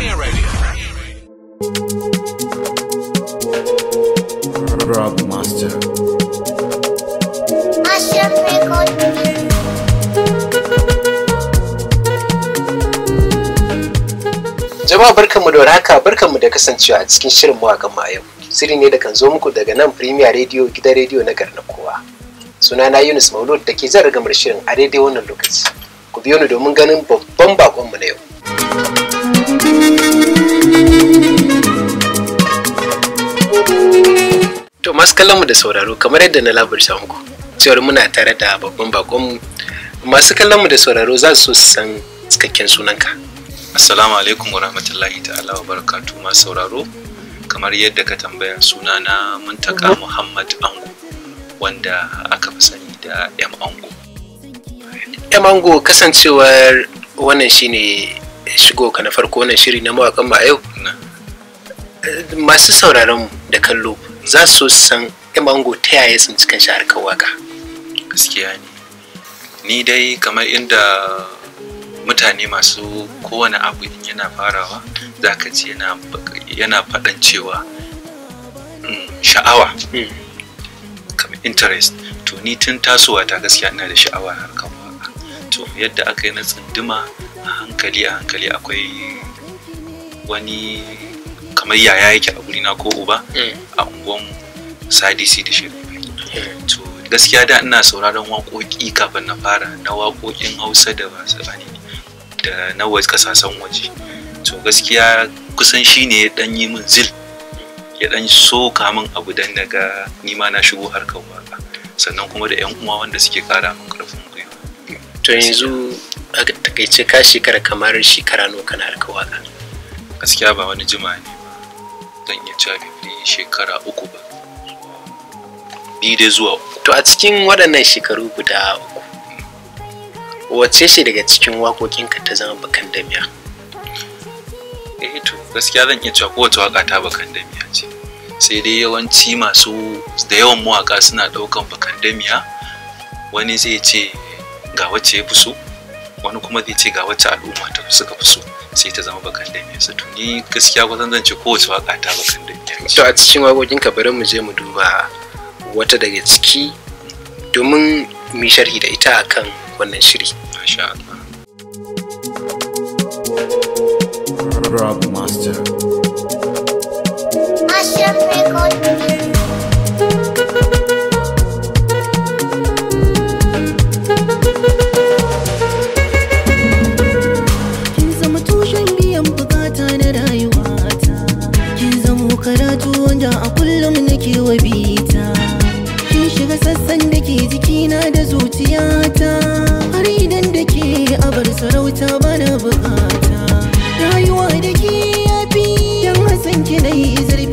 Premier Radio. Rob Master. Ashram Record. jama'a barkanmu da warhaka barkanmu da kasancewa a cikin shirin mawakan mu a yau siri ne da kan zo muku daga nan premier radio gidan radio na garin kowa na yunus maulud da ke zan shirin a daidai wannan lokaci ku biyo ni domin ganin babban bakonmu na yau To masu kallonmu da sauraro kamar yadda na labarta muku cewar muna tare da babban bakonmu masu kallonmu da sauraro za su san cikakken sunanka. Assalamu alaikum wa rahmatullahi ta'ala wa barakatu masu sauraro kamar yadda ka tambaya suna na Muntaka mhm. Muhammad Ango wanda aka fi sani da M Ango. M Ango kasancewar wannan shine shigo ka na farko wannan shiri na mawakan ma yau masu sauraron da kallo za su san imango ta yaya sun cikin shi harkar waka gaskiya ne ni dai kamar inda mutane masu kowane abu yana farawa za ka ce yana faɗan cewa mm, sha'awa hmm. kamar interest to ni tun tasowa ta gaskiya ina da sha'awa harkar waka to yadda aka yi na tsunduma a hankali a hankali akwai wani kamar yaya yake a na ko uba hmm. a unguwan sadisi da shirin hmm. to gaskiya da ina sauraron waƙoƙi kafin na fara na waƙoƙin hausa da ba da na ƙasashen waje to gaskiya kusan shi ne ya ɗan yi min zil ya ɗan soka min abu dan daga nima na shigo harkar waƙa sannan kuma da 'yan uwa wanda suke ƙara min ƙarfin gwiwa to yanzu takaice ka shekara kamar shekara nawa kana harka waka gaskiya ba wani jima ne ba zan iya cewa bibli shekara uku ba biyu da zuwa uku to a cikin waɗannan shekaru guda uku Wace shi daga cikin waƙoƙinka ta zama bakan damiya eh to gaskiya zan iya cewa kowace waƙa ta bakan damiya ce sai dai yawanci masu da yawan mawaƙa suna ɗaukan bakan damiya wani zai ce ga wacce ya fi so wani kuma zai ce ga wata al'umma ta suka fi so sai ta zama bakan da ne tuni gaskiya kusan zan ce kowace waka ta bakan da to a cikin wakokin ka bari mu je mu duba wata daga ciki domin mu sharhi da ita akan wannan shiri masha Allah Rob Master Master Record da zuciyata har idan da ke abar sarauta bana bukata rayuwa da ke yafi don hasan ki na zarfi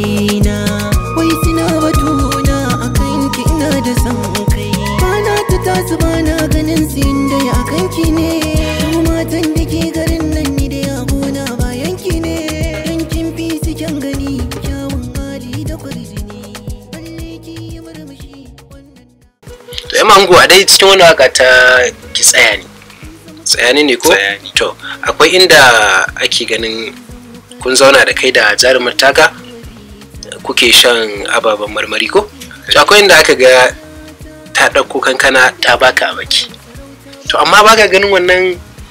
haƙurina wai suna batuna a ki ina da san kai bana ta tasu bana ganin su inda ya akan ki ne matan da ke garin nan ni da yagona bayan ki ne dan kin fi su kyan gani kyawun hali da kwarjini balle ki yi murmushi wannan to yan mango a dai cikin wani waka ta ki tsaya ne tsayani ne ko to akwai inda ake ganin kun zauna da kai da jarumar taka kuke shan ababen marmari ko to akwai inda aka ga ta ɗauko kankana ta baka a baki to amma baka ganin wannan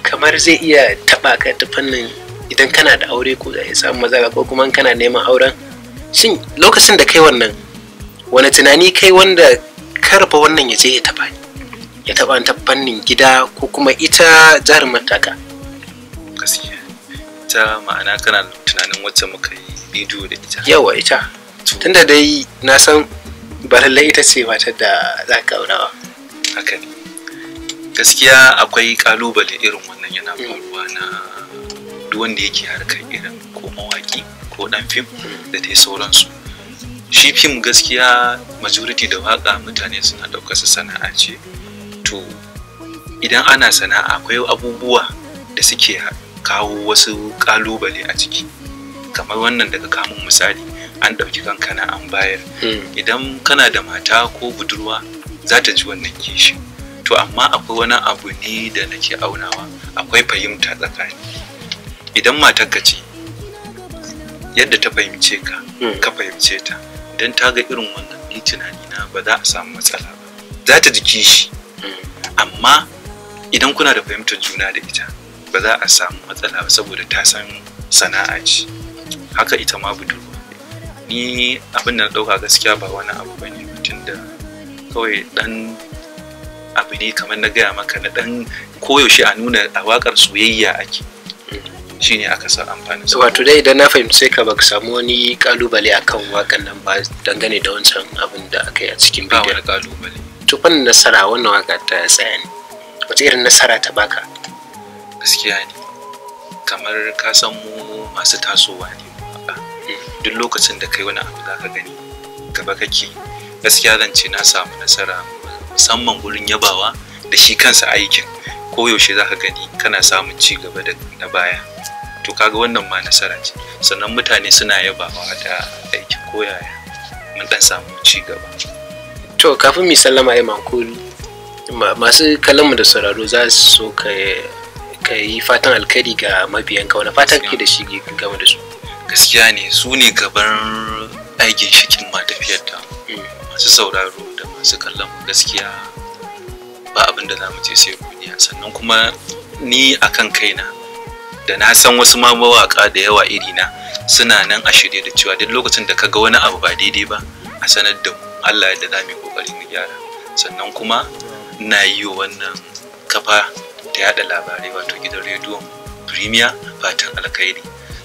kamar zai iya taɓa ka ta fannin idan kana da aure ko za samu maza ko kuma kana neman auren shin lokacin da kai wannan wani tunani kai wanda karfa wannan ya je ya taɓa ya taɓa ta fannin gida ko kuma ita jihar mataka? gaskiya ita ma'ana kana tunanin wacce muka yi bidiyo da ita yawa ita tunda dai na san ba ita ce matar da za ka aura ba haka gaskiya akwai ƙalubale irin wannan yana mm. faruwa na duk wanda yake harkar irin ko mawaki ko dan fim mm. da dai sauransu shi fim gaskiya majority da waka mutane suna ɗaukar su sana'a ce to idan ana sana'a akwai abubuwa da suke kawo wasu ƙalubale a ciki kamar wannan daga kamun misali an ɗauki kankana an bayar hmm. idan kana da mata ko budurwa za ta ji wannan kishi to amma akwai wani abu ne da nake aunawa akwai fahimta tsakani idan matarka ce yadda ta fahimce ka hmm. ka fahimce ta idan ta ga irin wannan ni tunani na ba za a samu matsala ba za ta ji kishi hmm. amma idan kuna da fahimtar juna da ita ba za a samu matsala ba saboda ta san sana'a ce haka ita ma budurwa ni abin da na ɗauka gaskiya ba wani abu ba ne mutum da kawai ɗan abu ne kamar na gaya maka na ɗan koyaushe a nuna a waƙar soyayya ake shi ne aka sa amfani su wato dai idan na fahimci sai ka baka samu wani kalubale kan wakan nan ba dangane da wancan abin da aka yi a cikin bidiyon ba wani kalubale to fannin nasara wannan waka ta tsaya ne wata irin nasara ta baka gaskiya ne kamar ka san mu masu tasowa ne duk lokacin da kai wani abu za gani gaba kake gaskiya zan ce na samu nasara musamman gurin yabawa da shi kansa aikin koyaushe za ka gani kana samun ci gaba da na baya to kaga wannan ma nasara ce sannan mutane suna yabawa da aikin koyaya mun dan samu ci gaba to kafin mu sallama ai mankuri masu mu da sauraro za su so ka yi fatan alkari ga mabiyanka wani fatan ke da shi game da su gaskiya ne su ne gaban aikin shikin ma tafiyar ta hmm. masu sauraro da masu kallon gaskiya ba abin da za mu ce sai duniya sannan kuma ni akan kaina da na san wasu ma mawaka da yawa iri na suna nan a shirye da cewa duk lokacin da ka ga wani abu ba daidai ba a sanar da mu Allah da za mu yi mu gyara sannan kuma na yi wannan kafa ta yada labarai wato gidan rediyon premier fatan alkhairi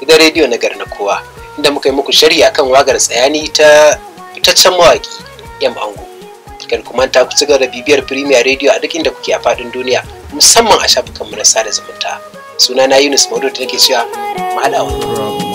gidan rediyo na na kowa inda muka yi muku shari akan wagar tsayani ta fitaccen mawaki yam ango kar ku manta ku cigaba da bibiyar premier rediyo a duk inda kuke a faɗin duniya musamman a shafukanmu na sada zumunta suna na yunus maudu da nake cewa mahalawa